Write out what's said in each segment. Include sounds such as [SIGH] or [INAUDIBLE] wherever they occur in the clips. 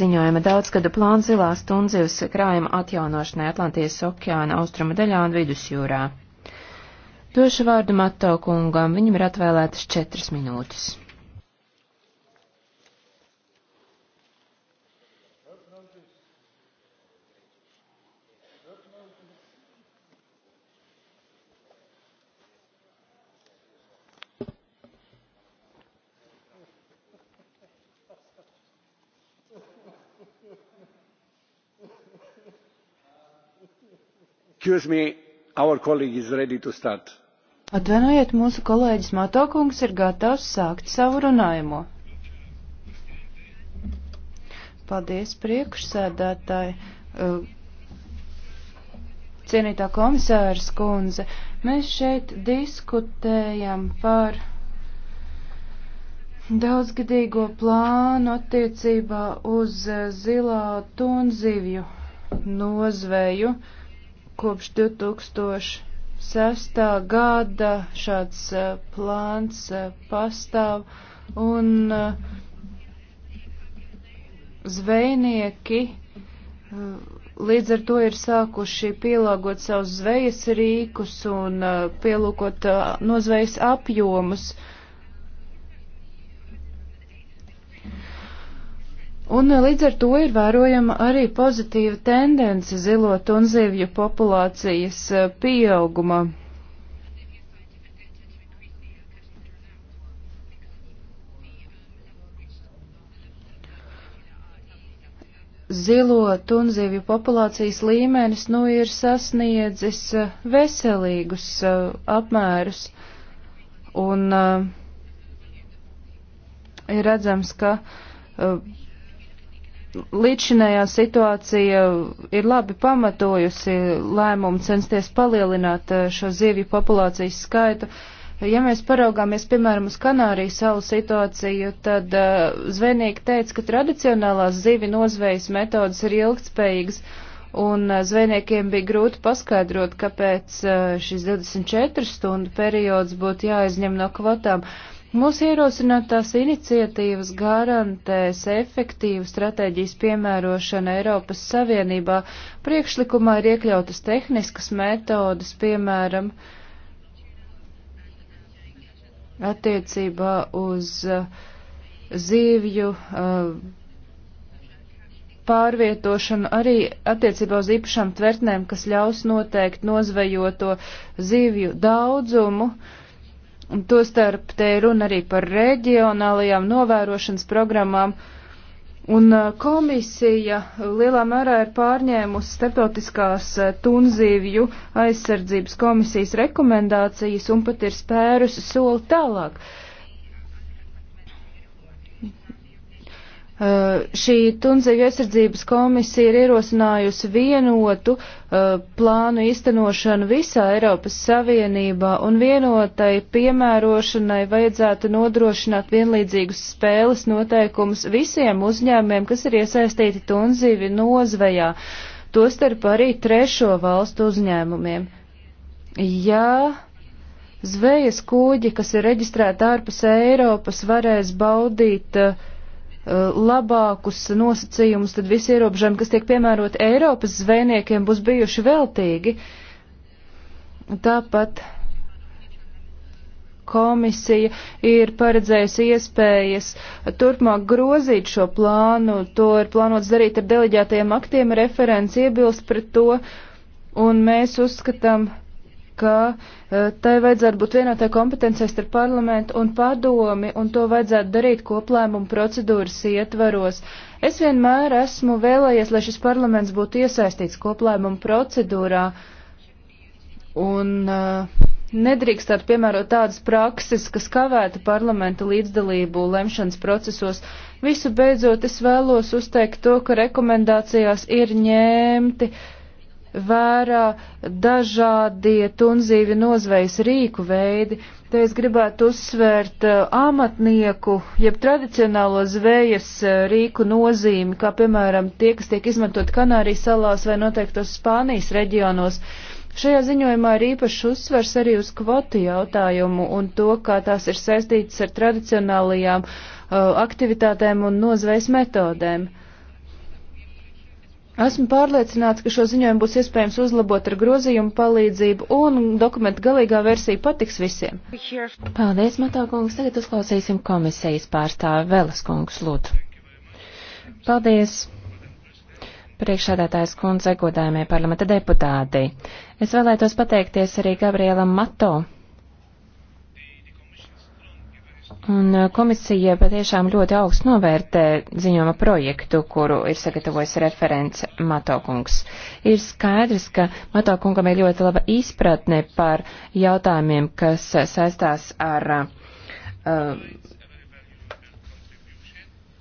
ziņojuma daudzgada plāns zilās tundzivs krājuma atjaunošanai Atlantijas okeāna austruma daļā un vidusjūrā. Došu vārdu Mato kungam, viņam ir atvēlētas četras minūtes. Excuse me, our colleague is ready to start. Atvainojiet, mūsu kolēģis Matokungs ir gatavs sākt savu runājumu. Paldies, priekšsēdētāji. Uh, cienītā komisārs kundze, mēs šeit diskutējam par daudzgadīgo plānu attiecībā uz uh, zilā tunzivju nozveju. Uh, Kopš 2006. gada šāds eh, plāns eh, pastāv un eh, zvejnieki līdz ar to ir sākuši pielāgot savus zvejas rīkus un pielūkot nozvejas apjomus. Uh, Un eh, līdz ar to ir vērojama arī pozitīva tendence zilo tunzivju populācijas eh, pieauguma. Zilo tunzivju populācijas līmenis nu ir sasniedzis eh, veselīgus apmērus, un ir redzams, ka līdzinējā situācija ir labi pamatojusi lēmumu censties palielināt eh, šo zivju populācijas skaitu. Ja mēs paraugāmies, piemēram, uz Kanāriju savu situāciju, tad uh, zvejnieki teica, ka tradicionālās zivi nozvejas metodas ir ilgtspējīgas, un uh, zvejniekiem bija grūti paskaidrot, kāpēc uh, šis 24 stundu periods būtu jāizņem no kvotām. Uh, Mūsu ierosinātās iniciatīvas garantēs efektīvu stratēģijas piemērošanu Eiropas Savienībā. Priekšlikumā ir iekļautas tehniskas metodas, piemēram, attiecībā uz uh, zīvju uh, pārvietošanu, arī attiecībā uz īpašām tvertnēm, kas ļaus noteikt nozvejoto zīvju daudzumu. Uh, Tostarp te runa arī par reģionālajām novērošanas programmām. Un uh, komisija lielā mērā ir pārņēmusi starptautiskās uh, tunzīvju aizsardzības komisijas rekomendācijas un pat ir spērusi soli tālāk. Uh, Eh, šī Tunzeļu aizsardzības komisija ir ierosinājusi vienotu eh, plānu īstenošanu visā Eiropas Savienībā un vienotai piemērošanai vajadzētu nodrošināt vienlīdzīgus spēles noteikumus visiem uzņēmumiem, kas ir iesaistīti Tunzīvi nozvejā, tostarp arī trešo valstu uzņēmumiem. Jā. Zvejas kūģi, kas ir reģistrēti ārpus Eiropas, varēs baudīt uh, Eh, labākus nosacījumus, tad visi ierobežojumi, kas tiek piemēroti Eiropas zvejniekiem, būs bijuši veltīgi. Tāpat komisija ir paredzējusi iespējas turpmāk grozīt šo plānu. To ir plānots darīt ar deleģētajiem aktiem, referents iebilst pret to, un mēs uzskatām, ka eh, tai vajadzētu būt vienotai kompetencijai starp parlamentu un padomi, un to vajadzētu darīt koplēmumu procedūras ietvaros. Es vienmēr esmu vēlējies, lai šis parlaments būtu iesaistīts koplēmumu procedūrā, un uh, nedrīkstētu piemērot tādas prakses, kas kavētu parlamenta līdzdalību lemšanas procesos. Visu beidzot, es vēlos uzteikt to, ka rekomendācijās ir ņemti uh, vērā dažādie tunzīvi nozvejas rīku veidi. Te es gribētu uzsvērt eh, amatnieku, jeb tradicionālo zvejas eh, rīku nozīmi, kā piemēram tie, kas tiek izmantot Kanārijas salās vai noteiktos Spānijas reģionos. Šajā ziņojumā ir īpašs uzsvers arī uz kvotu jautājumu un to, kā tās ir saistītas ar tradicionālajām uh, aktivitātēm un nozvejas metodēm. Uh, Esmu pārliecināts, ka šo ziņojumu būs iespējams uzlabot ar grozījumu palīdzību, un dokumenta galīgā versija patiks visiem. Paldies, Matā kungs. Tagad uzklausīsim komisijas pārstāvi Velas kungs, lūdzu. Paldies. Priekšādātājs kundze, godājumie parlamenta deputāti. Es vēlētos pateikties arī Gabrielam Mato Un uh, komisija patiešām ļoti augstu novērtē ziņojuma projektu, kuru ir sagatavojis referents Matokungs. Ir skaidrs, ka Matokungam ir ļoti laba izpratne par jautājumiem, kas saistās ar uh,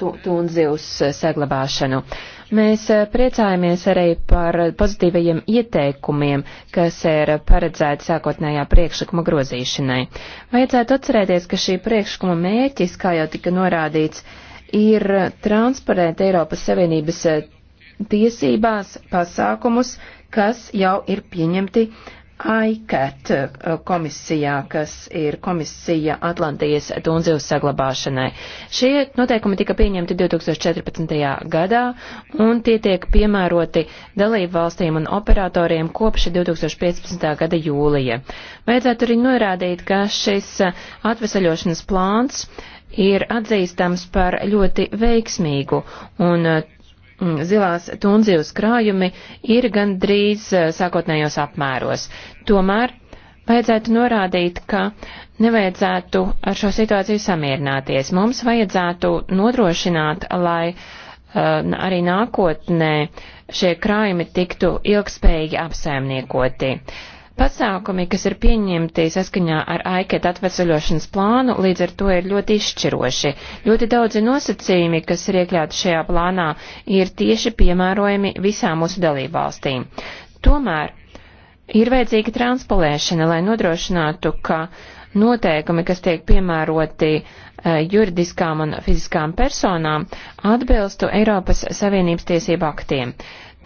tunzivs saglabāšanu. Uh, Mēs eh, priecājamies arī par pozitīvajiem ieteikumiem, kas ir paredzēti sākotnējā priekšlikuma grozīšanai. Vajadzētu atcerēties, ka šī priekšlikuma mērķis, kā jau tika norādīts, ir transparēt Eiropas Savienības eh, tiesībās pasākumus, kas jau ir pieņemti ICAT uh, komisijā, kas ir komisija Atlantijas tunzīvas saglabāšanai. Šie noteikumi tika pieņemti 2014. gadā un tie tiek piemēroti dalību valstīm un operatoriem kopš 2015. gada jūlija. Vajadzētu arī norādīt, ka šis uh, atvesaļošanas plāns ir atzīstams par ļoti veiksmīgu un uh, Mm, zilās tunzīvas krājumi ir gandrīz eh, sākotnējos apmēros. Tomēr vajadzētu norādīt, ka nevajadzētu ar šo situāciju samierināties. Mums vajadzētu nodrošināt, lai uh, arī nākotnē šie krājumi tiktu ilgspējīgi apsaimniekoti. Uh, Pasākumi, kas ir pieņemti saskaņā ar AIKET atvesaļošanas plānu, līdz ar to ir ļoti izšķiroši. Ļoti daudzi nosacījumi, kas ir iekļauti šajā plānā, ir tieši piemērojami visām mūsu dalībvalstīm. Tomēr ir vajadzīga transpolēšana, lai nodrošinātu, ka noteikumi, kas tiek piemēroti eh, juridiskām un fiziskām personām, atbilstu Eiropas Savienības tiesību aktiem.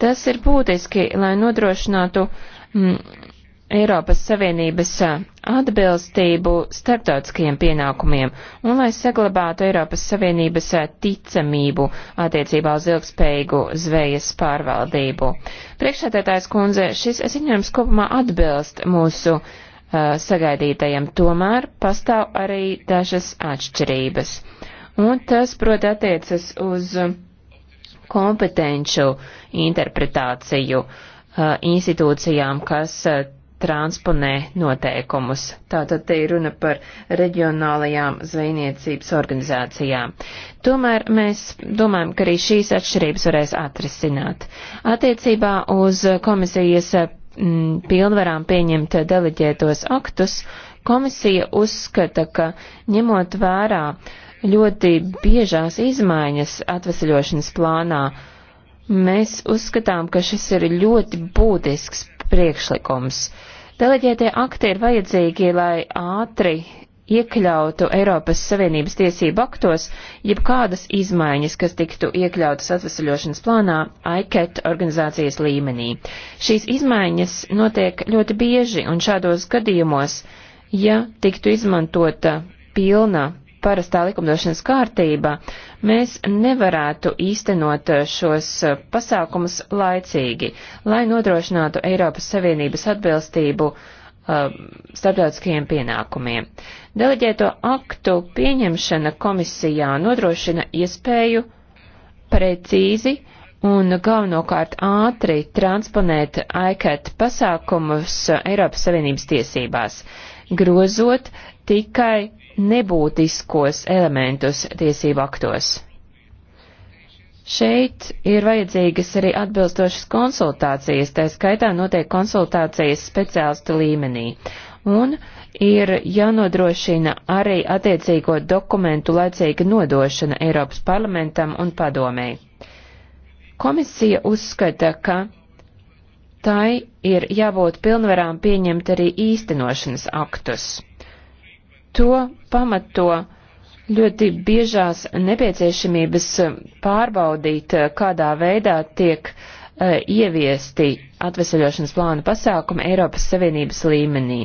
Tas ir būtiski, lai nodrošinātu mm, Eiropas Savienības atbilstību starptautiskajiem pienākumiem un lai saglabātu Eiropas Savienības ticamību attiecībā uz ilgspējīgu zvejas pārvaldību. Priekšsētētājs kundze, šis ziņojums kopumā atbilst mūsu uh, sagaidītajam, tomēr pastāv arī dažas atšķirības. Un tas, proti, attiecas uz kompetenču interpretāciju uh, institūcijām, kas uh, transponē noteikumus. Tātad te ir runa par reģionālajām zvejniecības organizācijām. Tomēr mēs domājam, ka arī šīs atšķirības varēs atrisināt. Attiecībā uz komisijas m, mm, pilnvarām pieņemt deleģētos aktus, komisija uzskata, ka ņemot vērā ļoti biežās izmaiņas atvesaļošanas plānā, mēs uzskatām, ka šis ir ļoti būtisks priekšlikums. Deleģētie akti ir vajadzīgi, lai ātri iekļautu Eiropas Savienības tiesību aktos jebkādas izmaiņas, kas tiktu iekļautas atvesaļošanas plānā ICAT organizācijas līmenī. Šīs izmaiņas notiek ļoti bieži un šādos gadījumos, ja tiktu izmantota pilna parastā likumdošanas kārtība, mēs nevarētu īstenot šos eh, pasākumus laicīgi, lai nodrošinātu Eiropas Savienības atbilstību uh, starptautiskajiem pienākumiem. Deleģēto aktu pieņemšana komisijā nodrošina iespēju precīzi un galvenokārt ātri transponēt ICAT pasākumus Eiropas Savienības tiesībās, grozot tikai nebūtiskos elementus tiesību aktos. Šeit ir vajadzīgas arī atbilstošas konsultācijas, tā skaitā notiek konsultācijas speciālistu līmenī, un ir jānodrošina arī attiecīgo dokumentu laicīga nodošana Eiropas parlamentam un padomēji. Komisija uzskata, ka tai ir jābūt pilnvarām pieņemt arī īstenošanas aktus. To pamato ļoti biežās nepieciešamības eh, pārbaudīt, eh, kādā veidā tiek uh, ieviesti atvesaļošanas plānu pasākumi Eiropas Savienības līmenī.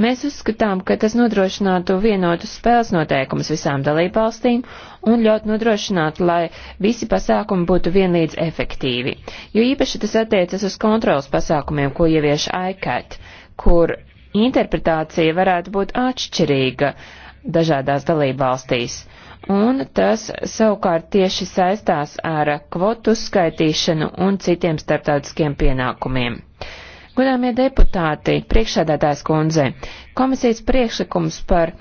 Mēs uzskatām, ka tas nodrošinātu vienotus spēles noteikumus visām dalībvalstīm un ļaut nodrošināt, lai visi pasākumi būtu vienlīdz efektīvi. Jo īpaši tas attiecas uz kontrolas pasākumiem, ko ievieš ICAT, kur interpretācija varētu būt atšķirīga dažādās dalībvalstīs, un tas savukārt tieši saistās ar kvotu skaitīšanu un citiem starptautiskiem pienākumiem. Godāmie deputāti, priekšsēdētājs kundze, komisijas priekšlikums par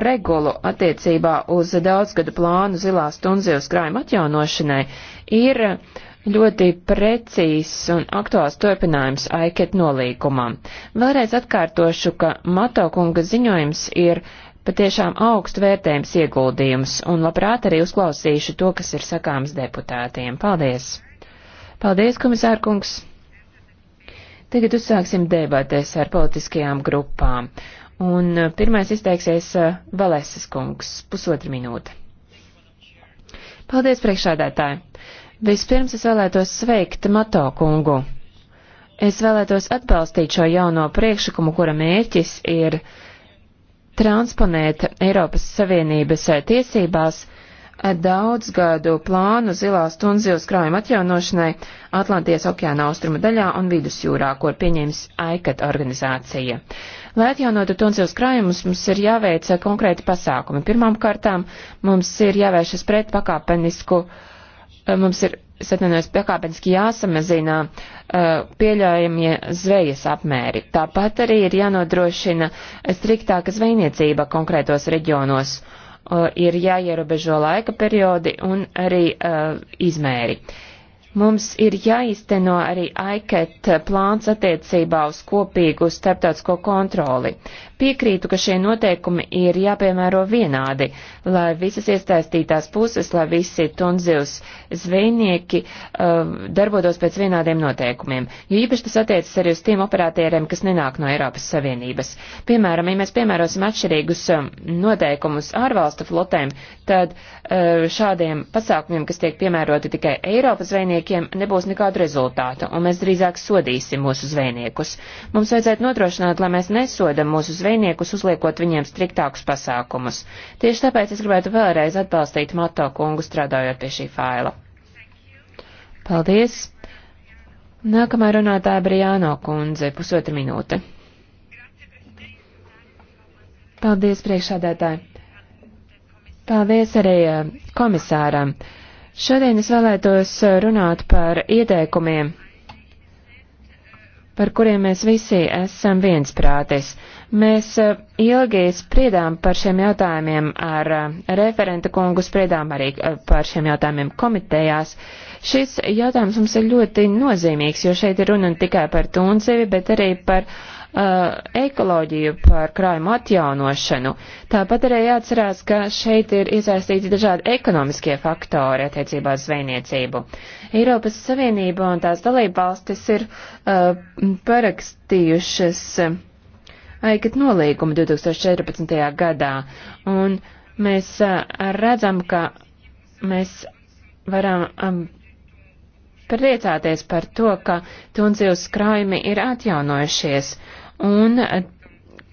regulu attiecībā uz daudzgadu plānu zilās tunzīvas krājuma atjaunošanai ir uh, ļoti precīzs un aktuāls turpinājums AIKET nolīgumam. Vēlreiz atkārtošu, ka Matokunga ziņojums ir patiešām augstu vērtējums ieguldījums, un labprāt arī uzklausīšu to, kas ir sakāms deputātiem. Paldies! Paldies, komisārkungs! Tagad uzsāksim debatēs ar politiskajām grupām. Un uh, pirmais izteiksies uh, Valēsas kungs, pusotra minūte. Paldies, priekšādātāji! Vispirms es vēlētos sveikt Mato kungu. Es vēlētos atbalstīt šo jauno priekšlikumu, kura mērķis ir transponēt Eiropas Savienības tiesībās daudzgadu plānu zilās tunzīles krājuma atjaunošanai Atlantijas okeāna austrumu daļā un vidusjūrā, ko ir pieņēmis AIKAT organizācija. Lai atjaunotu tunzīles krājumus, mums ir jāveic konkrēti pasākumi. Pirmām kārtām mums ir jāvēršas pret pakāpenisku uh, mums ir, es atvainojos, piekāpeniski jāsamazina pieļaujamie zvejas apmēri. Tāpat arī ir jānodrošina striktāka zvejniecība konkrētos reģionos. Ir jāierobežo laika periodi un arī izmēri. Uh, Mums ir jāizteno arī AIKET plāns attiecībā uz kopīgu starptautisko kontroli. Piekrītu, ka šie noteikumi ir jāpiemēro vienādi, lai visas iesaistītās puses, lai visi tunzils zvejnieki uh, darbotos pēc vienādiem noteikumiem, jo īpaši tas attiecas arī uz tiem operatieriem, kas nenāk no Eiropas Savienības. Piemēram, ja mēs piemērosim atšķirīgus um, noteikumus ārvalstu flotēm, tad uh, šādiem pasākumiem, kas tiek piemēroti tikai Eiropas zvejniekiem, zvejniekiem nebūs nekādu rezultātu, un mēs drīzāk sodīsim mūsu zvejniekus. Mums vajadzētu nodrošināt, lai mēs nesodam mūsu zvejniekus, uzliekot viņiem striktākus pasākumus. Tieši tāpēc es gribētu vēlreiz atbalstīt Mato kungu strādājot pie šī faila. Paldies! Nākamā runātāja Brijāno kundze, pusotra minūte. Paldies, priekšādētāji. Paldies arī eh, komisāram. Šodien es vēlētos eh, runāt par ieteikumiem, par kuriem mēs visi esam viensprātis. Mēs eh, ilgi spriedām par šiem jautājumiem ar eh, referenta kungu, spriedām arī par šiem jautājumiem komitejās. Šis jautājums mums ir ļoti nozīmīgs, jo šeit ir runa ne tikai par Tunzivi, bet arī par uh, Uh, ekoloģiju, par krājumu atjaunošanu. Tāpat arī jāatcerās, ka šeit ir iesaistīti dažādi ekonomiskie faktori attiecībā uz zvejniecību. Eiropas Savienība un tās dalībvalstis ir uh, parakstījušas uh, aigat nolīgumu 2014. gadā, un mēs uh, redzam, ka mēs varam um, priecāties par to, ka tunzijos krājumi ir atjaunojušies, un eh,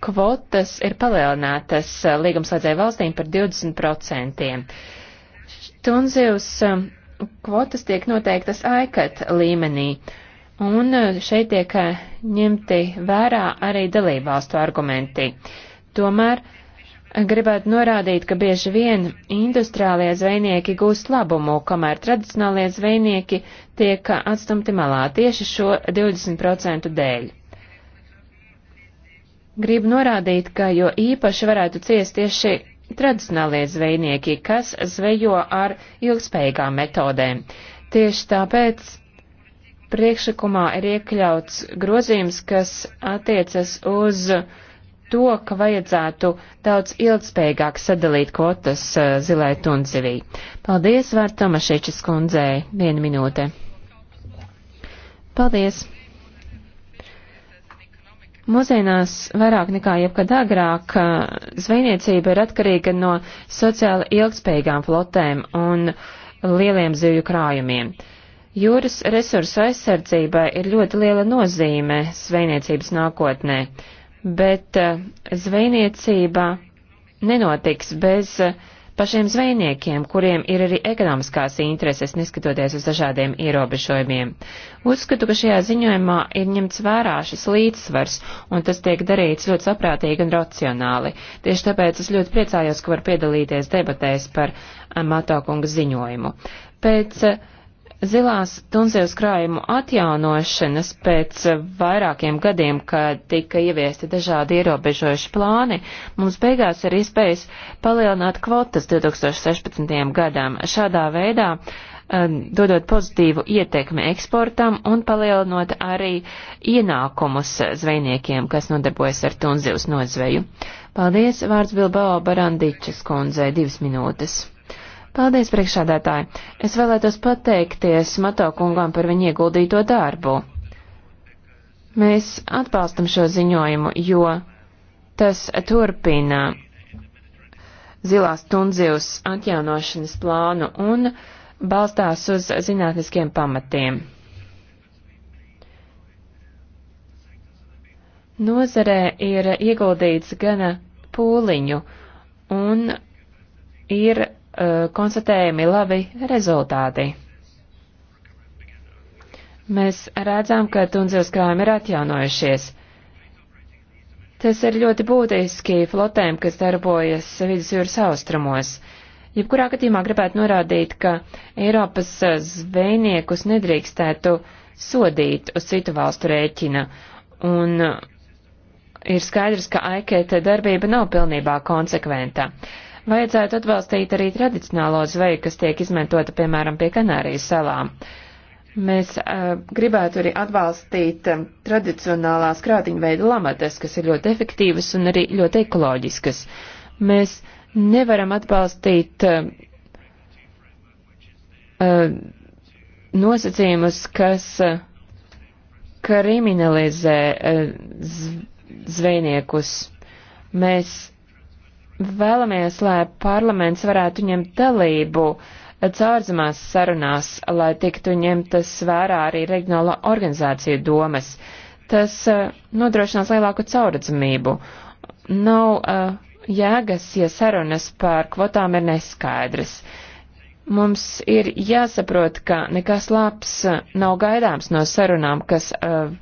kvotas ir palielinātas eh, līgumslēdzēju valstīm par 20%. Tunzijus eh, kvotas tiek noteiktas aikat līmenī, un šeit tiek ņemti vērā arī dalībvalstu argumenti. Tomēr gribētu norādīt, ka bieži vien industriālie zvejnieki gūst labumu, kamēr tradicionālie zvejnieki tiek atstumti malā tieši šo 20% dēļ. Gribu norādīt, ka jo īpaši varētu ciest tieši tradicionālie zvejnieki, kas zvejo ar ilgspējīgām metodēm. Tieši tāpēc priekšlikumā ir iekļauts grozījums, kas attiecas uz to, ka vajadzētu daudz ilgspējīgāk sadalīt kvotas eh, zilai tundzivī. Paldies, Vārta Tomašēčas kundzei, viena minūte. Paldies! Mūsdienās vairāk nekā jebkad agrāk zvejniecība ir atkarīga no sociāli ilgspējīgām flotēm un lieliem zivju krājumiem. Jūras resursu aizsardzībai ir ļoti liela nozīme zvejniecības nākotnē, bet zvejniecība nenotiks bez uh, pašiem zvejniekiem, kuriem ir arī ekonomiskās intereses, neskatoties uz dažādiem ierobežojumiem. Uzskatu, ka šajā ziņojumā ir ņemts vērā šis līdzsvars, un tas tiek darīts ļoti saprātīgi un racionāli. Tieši tāpēc es ļoti priecājos, ka var piedalīties debatēs par Matokunga ziņojumu. Pēc uh, Zilās tunzēvas krājuma atjaunošanas pēc vairākiem gadiem, kad tika ieviesti dažādi ierobežojuši plāni, mums beigās ir iespējas palielināt kvotas 2016. gadam. Šādā veidā um, dodot pozitīvu ietekmi eksportam un palielinot arī ienākumus zvejniekiem, kas nodarbojas ar tunzivs nozveju. Paldies, vārds Bilbao Barandičas kundzei, divas minūtes. Paldies, priekšādātāji! Es vēlētos pateikties Mato kungam par viņu ieguldīto darbu. Mēs atbalstam šo ziņojumu, jo tas turpina zilās tundzivs atjaunošanas plānu un balstās uz zinātniskiem pamatiem. Nozarē ir ieguldīts gana pūliņu un ir Eh, konstatējami labi rezultāti. Mēs redzam, ka Tunzijas krājumi ir atjaunojušies. Tas ir ļoti būtiski flotēm, kas darbojas vidusjūras austrumos. Jebkurā gadījumā gribētu norādīt, ka Eiropas zvejniekus nedrīkstētu sodīt uz citu valstu rēķina, un ir skaidrs, ka aikēta darbība nav pilnībā konsekventa. Uh, Vajadzētu atbalstīt arī tradicionālo zveju, kas tiek izmantota, piemēram, pie Kanārijas salām. Mēs uh, gribētu arī atbalstīt uh, tradicionālās krātiņveida lamatas, kas ir ļoti efektīvas un arī ļoti ekoloģiskas. Mēs nevaram atbalstīt uh, uh, nosacījumus, kas uh, kriminalizē uh, zvejniekus. Mēs vēlamies, lai parlaments varētu ņemt dalību caurzemās sarunās, lai tiktu ņemtas vērā arī reģionālo organizāciju domas. Tas uh, nodrošinās lielāku caurredzamību. Nav uh, jēgas, ja sarunas par kvotām ir neskaidras. Mums ir jāsaprot, ka nekas labs uh, nav gaidāms no sarunām, kas uh,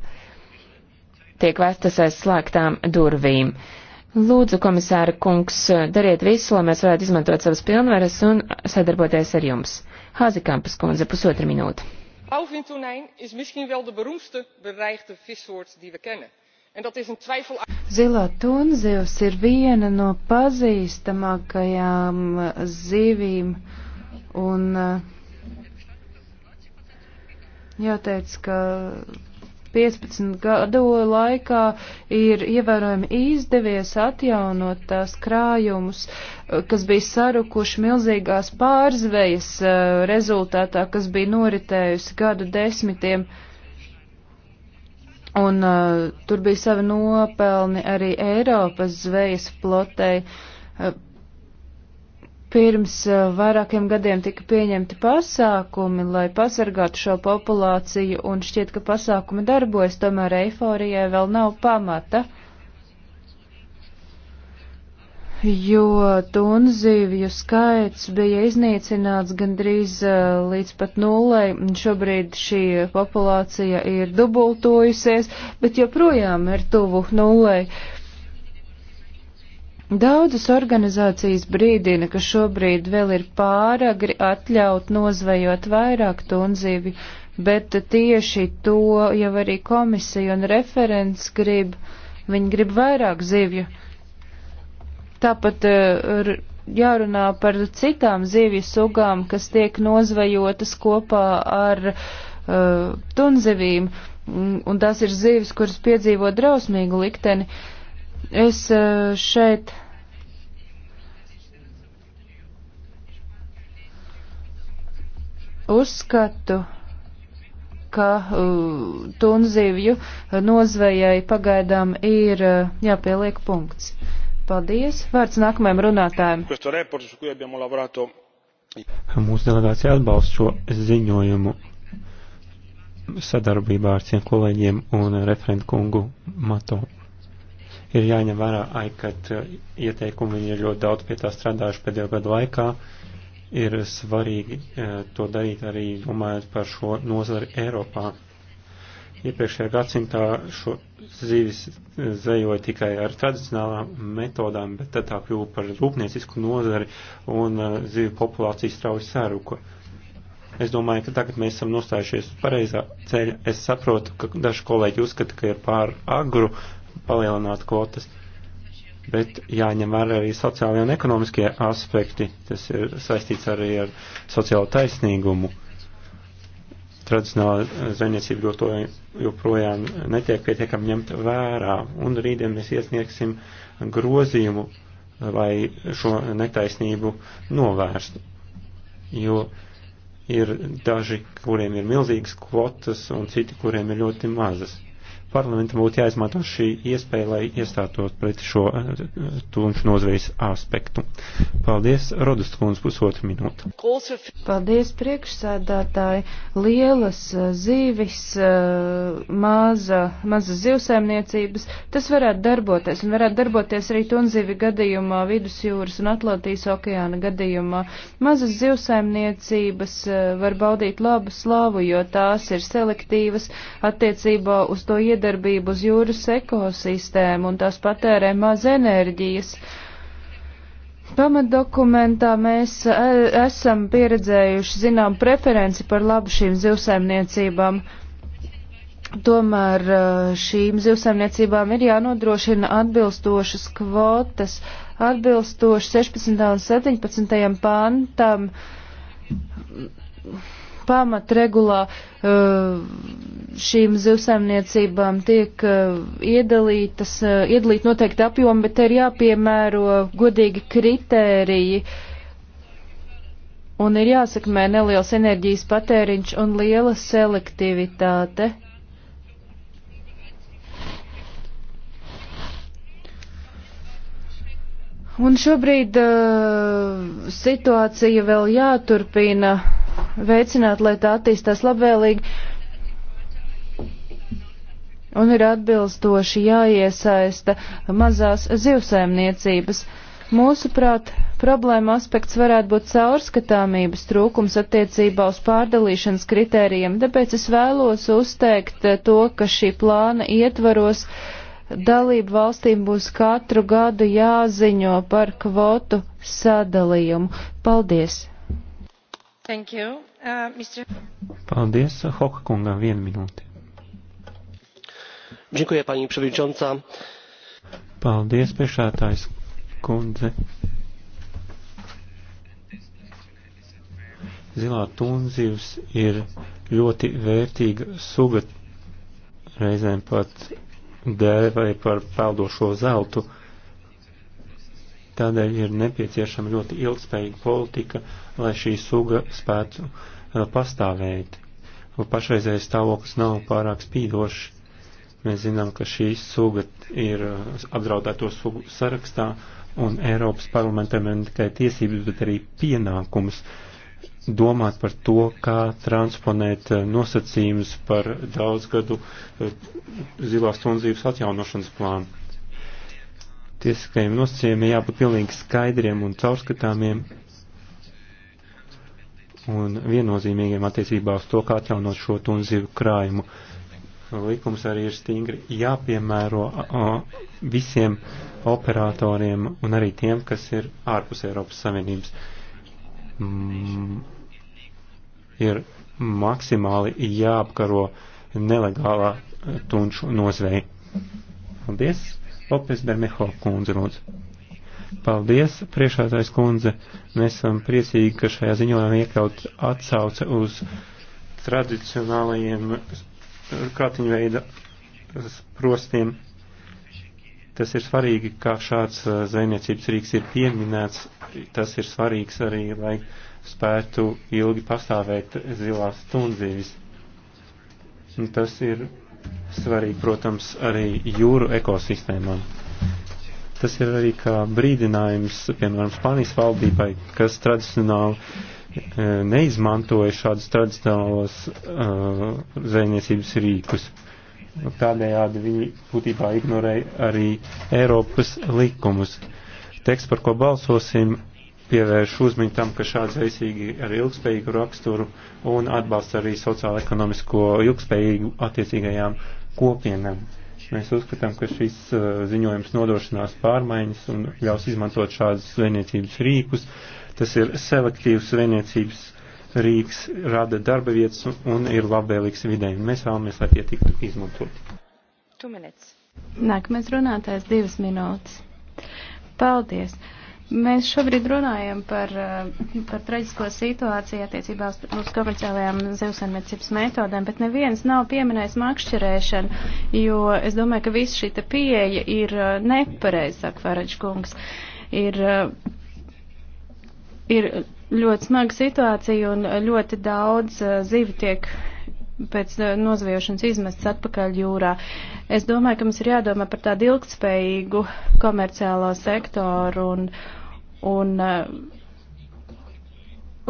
tiek vestas aiz slēgtām durvīm. Uh, Lūdzu, komisāra kungs, dariet visu, lai mēs varētu izmantot savas pilnvaras un sadarboties ar jums. Hāzikampas kundze, pusotra minūte. Auvintonijn is misschien wel de beroemdste bedreigde vissoort die we kennen. En dat is een twijfel... Zilā tunzivs ir viena no pazīstamākajām uh, zivīm un uh, jāteic, ka 15 gadu laikā ir ievērojami izdevies atjaunot tās krājumus, kas bija sarukuši milzīgās pārzvejas eh, rezultātā, kas bija noritējusi gadu desmitiem. Un uh, tur bija savi nopelni arī Eiropas zvejas flotei. Uh, Pirms eh, vairākiem gadiem tika pieņemti pasākumi, lai pasargātu šo populāciju, un šķiet, ka pasākumi darbojas, tomēr eiforijai vēl nav pamata, jo tunzīvju skaits bija iznīcināts gandrīz eh, līdz pat nulai, un šobrīd šī populācija ir dubultojusies, bet joprojām ir tuvu nulai. Uh, Daudzas organizācijas brīdina, ka šobrīd vēl ir pāragri atļaut nozvejot vairāk tunzīvi, bet tieši to jau arī komisija un referents grib. Viņi grib vairāk zivju. Tāpat eh, jārunā par citām zivju sugām, kas tiek nozvejotas kopā ar uh, tunzivīm, un tās ir zivis, kuras piedzīvo drausmīgu likteni. Uh, Es eh, šeit. Uzskatu, ka uh, eh, tunzivju nozvejai pagaidām ir uh, jāpieliek punkts. Paldies. Vārds nākamajam runātājam. Mūsu delegācija atbalsta šo ziņojumu sadarbībā ar ciem kolēģiem un referentu kungu Mato ir jāņem vērā, ai, kad uh, ieteikumi viņi ir ļoti daudz pie tā strādājuši pēdējo gadu laikā, ir svarīgi uh, to darīt arī domājot par šo nozari Eiropā. Iepriekšējā gadsimtā šo zīvis uh, zvejoja tikai ar tradicionālām metodām, bet tad tā kļuva par rūpniecisku nozari un zīvi populācija strauji sēruka. Es domāju, ka tagad mēs esam nostājušies uz pareizā ceļa. Es saprotu, ka daži kolēģi uzskata, ka ir pār agru uh, palielināt kvotas, bet jāņem vērā arī sociālie un ekonomiskie aspekti. Tas ir saistīts arī ar sociālo taisnīgumu. Tradicionāla zvejniecība joprojām netiek pietiekami ņemta vērā, un rītdien mēs iesniegsim grozījumu, lai šo netaisnību novērstu. Jo ir daži, kuriem ir milzīgas kvotas, un citi, kuriem ir ļoti mazas parlamentam būtu jāizmanto šī iespēja, lai iestātos pret šo eh, tunšu nozvejas aspektu. Paldies, Rodas Kunz, pusotru minūtu. Paldies, priekšsēdētāji. Lielas eh, zīvis, eh, maza, maza zivsēmniecības, tas varētu darboties, un varētu darboties arī tunzīvi gadījumā, vidusjūras un Atlantijas okeāna gadījumā. Mazas zivsēmniecības var baudīt labu slavu, jo tās ir selektīvas attiecībā uz to iedzīvotāju iedarbību uz jūras ekosistēmu un tās patērē maz enerģijas. Pamatdokumentā mēs e, esam pieredzējuši zinām preferenci par labu šīm zivsaimniecībām. Tomēr e, šīm zivsaimniecībām ir jānodrošina atbilstošas kvotas, atbilstoši 16. un 17. pantam pamatregulā eh, šīm zivsaimniecībām tiek eh, iedalītas, eh, iedalīt noteikti apjomi, bet te ir jāpiemēro godīgi kritēriji un ir jāsakmē neliels enerģijas patēriņš un liela selektivitāte. Un šobrīd uh, situācija vēl jāturpina veicināt, lai tā attīstās labvēlīgi. Un ir atbilstoši jāiesaista mazās zivsēmniecības. Mūsuprāt, problēma aspekts varētu būt caurskatāmības trūkums attiecībā uz pārdalīšanas kritērijiem, tāpēc es vēlos uzteikt to, ka šī plāna ietvaros dalību valstīm būs katru gadu jāziņo par kvotu sadalījumu. Paldies! Thank you. Uh, Mr. Paldies, Hoka kungam, vienu minūti. Dziękuję, pani przewodnicząca. Paldies, priekšētājs kundze. Zilā tunzivs ir ļoti vērtīga suga, reizēm pat dēvē par peldošo zeltu. Tādēļ ir nepieciešama ļoti ilgspējīga politika, lai šī suga spētu uh, pastāvēt. Pašreizējais stāvoklis nav pārāk spīdošs. Mēs zinām, ka šī suga ir uh, apdraudēto sugu sarakstā, un Eiropas parlamentam ir ne tikai tiesības, bet arī pienākums domāt par to, kā transponēt uh, nosacījumus par daudzgadu zilās tonzības atjaunošanas plānu tiesiskajiem nosacījumiem jābūt pilnīgi skaidriem un caurskatāmiem un viennozīmīgiem attiecībā uz to, kā atjaunot šo tunzīvu krājumu. Likums arī ir stingri jāpiemēro visiem operatoriem un arī tiem, kas ir ārpus Eiropas Savienības. Mm, ir maksimāli jāapkaro nelegālā tunču nozvei. Paldies! Lopes Bermeho kundze, lūdzu. Paldies, priekšētājs kundze. Mēs esam priecīgi, ka šajā ziņojumā iekļaut atsauce uz tradicionālajiem krātiņveida prostiem. Tas ir svarīgi, kā šāds uh, zvejniecības rīks ir pieminēts. Tas ir svarīgs arī, lai spētu ilgi pastāvēt zilās stundzības. Tas ir svarīgi, protams, arī jūru ekosistēmām. Tas ir arī kā brīdinājums, piemēram, Spānijas valdībai, kas tradicionāli e, neizmantoja šādus tradicionālos uh, zvejniecības rīkus. Tādējādi viņi būtībā ignorēja arī Eiropas likumus. Teksts, par ko balsosim, pievērš uzmiņu tam, ka šāds veisīgi ar ilgspējīgu raksturu un atbalsta arī sociālo-ekonomisko ilgspējīgu attiecīgajām kopienām. Mēs uzskatām, ka šis uh, ziņojums nodrošinās pārmaiņas un ļaus izmantot šādas zvejniecības rīkus. Tas ir selektīvs zvejniecības rīks, rada darba vietas un ir labvēlīgs videi. Mēs vēlamies, lai tie tiktu izmantoti. Nākamais runātājs divas minūtes. Paldies! Mēs šobrīd runājam par, eh, par traģisko situāciju attiecībā uz, uz komerciālajām zivsaimniecības metodēm, bet neviens nav pieminējis makšķerēšanu, jo es domāju, ka viss šī pieeja ir eh, nepareiz, saka Faraģis kungs. Ir, eh, ir ļoti smaga situācija un ļoti daudz zivi tiek pēc nozviešanas izmests atpakaļ jūrā. Es domāju, ka mums ir jādomā par tādu ilgtspējīgu komerciālo sektoru un, uh, Un eh,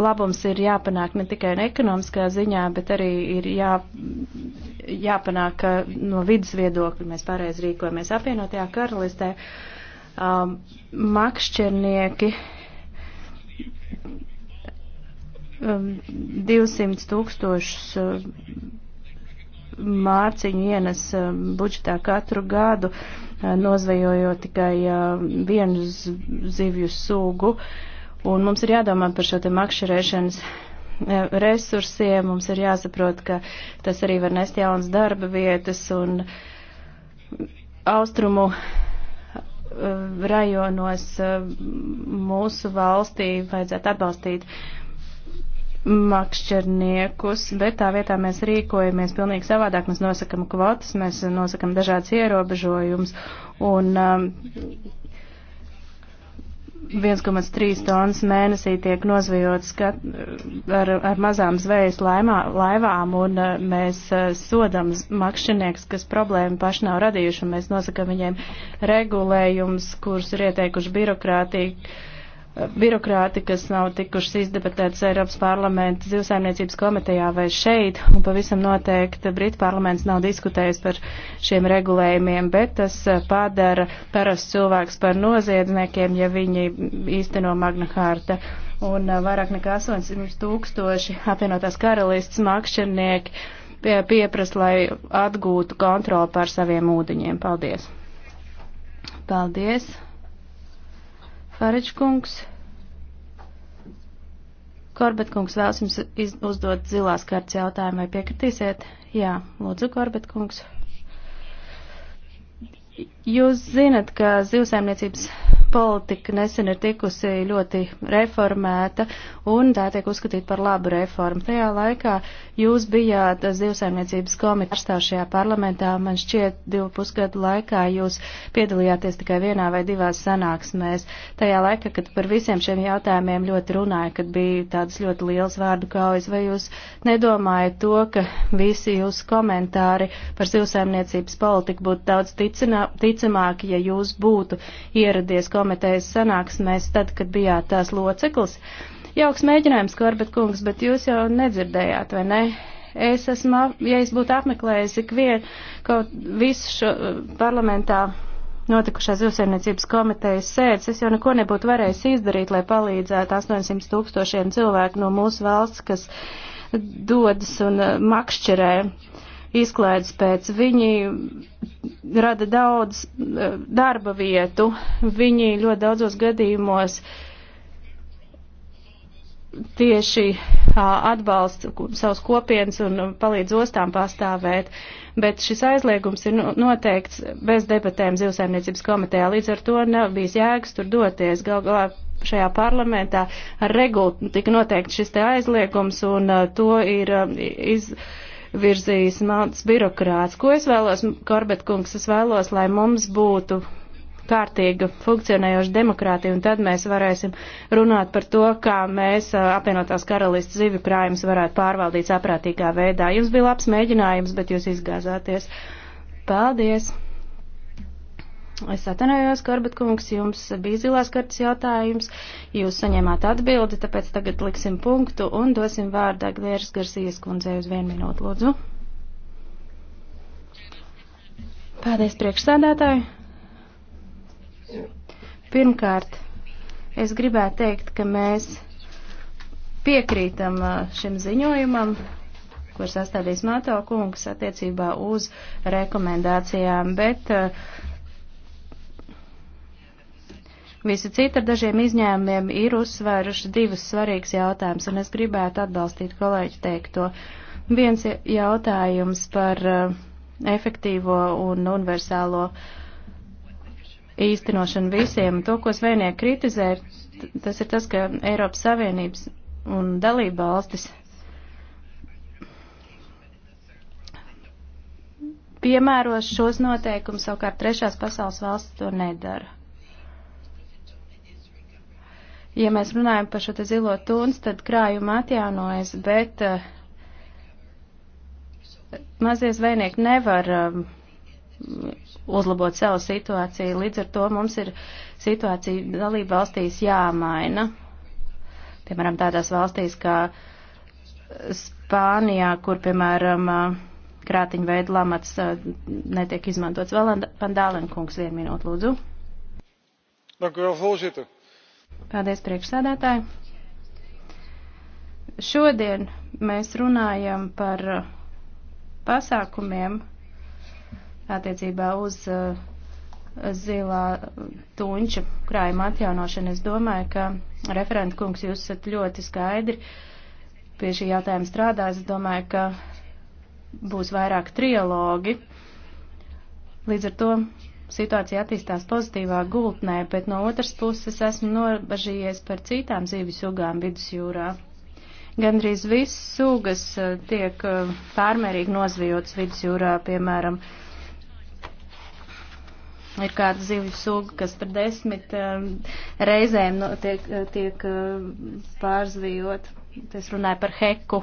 labums ir jāpanāk ne tikai ekonomiskā ziņā, bet arī ir jā, jāpanāk, ka eh, no vidas viedokļa mēs pareizi rīkojamies apvienotajā karalistē. Um, makšķernieki 200 um, tūkstošus mārciņu ienes eh, budžetā katru gadu, eh, nozvejojot tikai eh, vienu zivju sugu. Un mums ir jādomā par šo te makšķerēšanas resursiem, mums ir jāsaprot, ka tas arī var nest jaunas darba vietas un austrumu rajonos mūsu valstī vajadzētu atbalstīt makšķerniekus, bet tā vietā mēs rīkojamies pilnīgi savādāk. Mēs nosakam kvotas, mēs nosakam dažādas ierobežojumus un um, 1,3 tonnas mēnesī tiek nozvejotas ar, ar mazām zvejas laimā, laivām un uh, mēs uh, sodam makšķernieks, kas problēmu paši nav radījuši un mēs nosakam viņiem regulējums, kurus ir ieteikuši birokrātīgi birokrāti, kas nav tikuši izdebatētas Eiropas parlamenta zivsaimniecības komitejā vai šeit, un pavisam noteikti Brit parlaments nav diskutējis par šiem regulējumiem, bet tas eh, padara parasts cilvēks par noziedzniekiem, ja viņi īsteno Magna Hārta. Un eh, vairāk nekā 800 tūkstoši apvienotās karalists makšķernieki pie, pieprasa, lai atgūtu kontroli pār saviem ūdeņiem. Paldies! Paldies! Farečkungs. Korbetkungs vēlas jums uzdot zilās kārtas jautājumu, vai piekritīsiet? Jā, lūdzu, Korbetkungs. Jūs zinat, ka zivsēmniecības politika nesen ir tikusi ļoti reformēta un tā tiek uzskatīta par labu reformu. Tajā laikā jūs bijāt zivsaimniecības komitejas pārstāv šajā parlamentā. Man šķiet, divu pusgadu laikā jūs piedalījāties tikai vienā vai divās sanāksmēs. Tajā laikā, kad par visiem šiem jautājumiem ļoti runāja, kad bija tādas ļoti liels vārdu kaujas, vai jūs nedomājat to, ka visi jūsu komentāri par zivsaimniecības politiku būtu daudz ticamāki, ja jūs būtu ieradies komitejas? komitejas sanāksmēs tad, kad bijāt tās loceklis. Jauks mēģinājums, Korbet kungs, bet jūs jau nedzirdējāt, vai ne? Es esmu, ja es būtu apmeklējis ikvienu kaut visu šo eh, parlamentā notikušās zivsaimniecības komitejas sēdes, es jau neko nebūtu varējis izdarīt, lai palīdzētu 800 tūkstošiem cilvēku no mūsu valsts, kas dodas un eh, makšķerē. Uh, izklaides pēc. Viņi rada daudz eh, darba vietu, viņi ļoti daudzos gadījumos tieši atbalsta savus kopienas un palīdz ostām pastāvēt, bet šis aizliegums ir noteikts bez debatēm zivsaimniecības komitejā, līdz ar to nav bijis jēgas tur doties. Gal galā šajā parlamentā ar regulu tika noteikts šis te aizliegums un to ir iz virzījis mans birokrāts. Ko es vēlos, Korbet kungs, es vēlos, lai mums būtu kārtīga funkcionējoša demokrātija, un tad mēs varēsim runāt par to, kā mēs apvienotās karalists zivi krājumus varētu pārvaldīt saprātīgā veidā. Jums bija labs mēģinājums, bet jūs izgāzāties. Paldies! Es atvainojos, Korbet kungs, jums bija zilās kartas jautājums, jūs saņēmāt atbildi, tāpēc tagad liksim punktu un dosim vārdu Aglieras Garsijas kundzei uz vienu minūtu, lūdzu. Paldies, priekšsēdētāji. Pirmkārt, es gribētu teikt, ka mēs piekrītam uh, šim ziņojumam, kur sastādīs Māto kungs attiecībā uz rekomendācijām, bet uh, Visi citi ar dažiem izņēmumiem ir uzsvēruši divas svarīgas jautājumas, un es gribētu atbalstīt kolēģi teikto. Viens jautājums par eh, efektīvo un universālo īstenošanu visiem. To, ko zvejnieki kritizē, tas ir tas, ka Eiropas Savienības un dalība valstis piemēros šos noteikumus, savukārt trešās pasaules valsts to nedara. Ja mēs runājam par šo te zilo tūns, tad krājuma atjaunojas, bet uh, mazie zvejnieki nevar um, uzlabot savu situāciju. Līdz ar to mums ir situācija dalība valstīs jāmaina. Piemēram, tādās valstīs kā Spānijā, kur, piemēram, krātiņu veidu lamats eh, netiek izmantots. Vēl Vandālenkungs, vienu minūtu, lūdzu. Dank u wel, voorzitter. Paldies, priekšsēdētāji. Šodien mēs runājam par uh, pasākumiem attiecībā uz uh, zilā tunča krājuma atjaunošanu. Es domāju, ka referenta kungs jūs esat ļoti skaidri pie šī jautājuma strādājis. Es domāju, ka būs vairāk trialogi. Līdz ar to situācija attīstās pozitīvā gultnē, bet no otras puses esmu nobažījies par citām zīves sugām vidusjūrā. Gandrīz viss sugas eh, tiek eh, pārmērīgi nozvijotas vidusjūrā, piemēram, ir kāda zivju suga, kas par desmit um, reizēm no, tiek, tiek um, pārzvijot. Es runāju par heku.